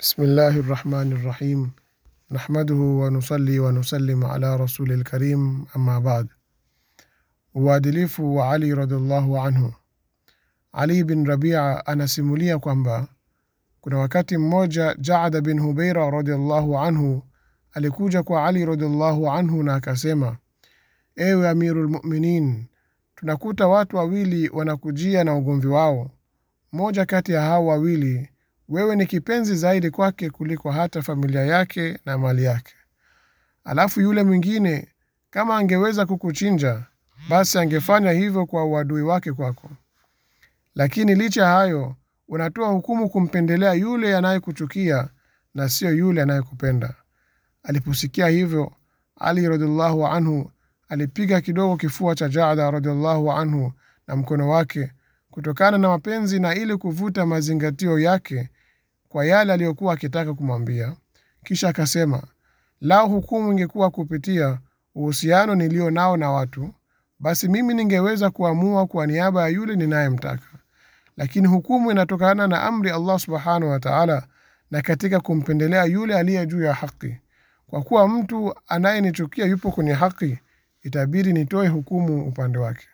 Bismillahi rahmani rahim nahmaduhu wanusalli wanusalim ala rasuli lkarim amma baad Uadilifu wa Ali radiallahu anhu. Ali bin Rabia anasimulia kwamba kuna wakati mmoja Jaada bin Hubeira radiallahu anhu alikuja kwa Ali radiallahu anhu na akasema, ewe Amiru lmuminin, tunakuta watu wawili wanakujia na ugomvi wao. Mmoja kati ya hao wawili wewe ni kipenzi zaidi kwake kuliko hata familia yake na mali yake. Alafu yule mwingine kama angeweza kukuchinja, basi angefanya hivyo kwa uadui wake kwako. Lakini licha hayo, unatoa hukumu kumpendelea yule anayekuchukia na siyo yule anayekupenda. Aliposikia hivyo, Ali radhiallahu anhu alipiga kidogo kifua cha Jada radhiallahu anhu na mkono wake kutokana na mapenzi na ili kuvuta mazingatio yake kwa yale aliyokuwa akitaka kumwambia kisha akasema lao hukumu ingekuwa kupitia uhusiano nilio nao na watu basi mimi ningeweza kuamua kwa niaba ya yule ninayemtaka lakini hukumu inatokana na amri allah subhanahu wataala na katika kumpendelea yule aliye juu ya haki kwa kuwa mtu anayenichukia yupo kwenye haki itabidi nitoe hukumu upande wake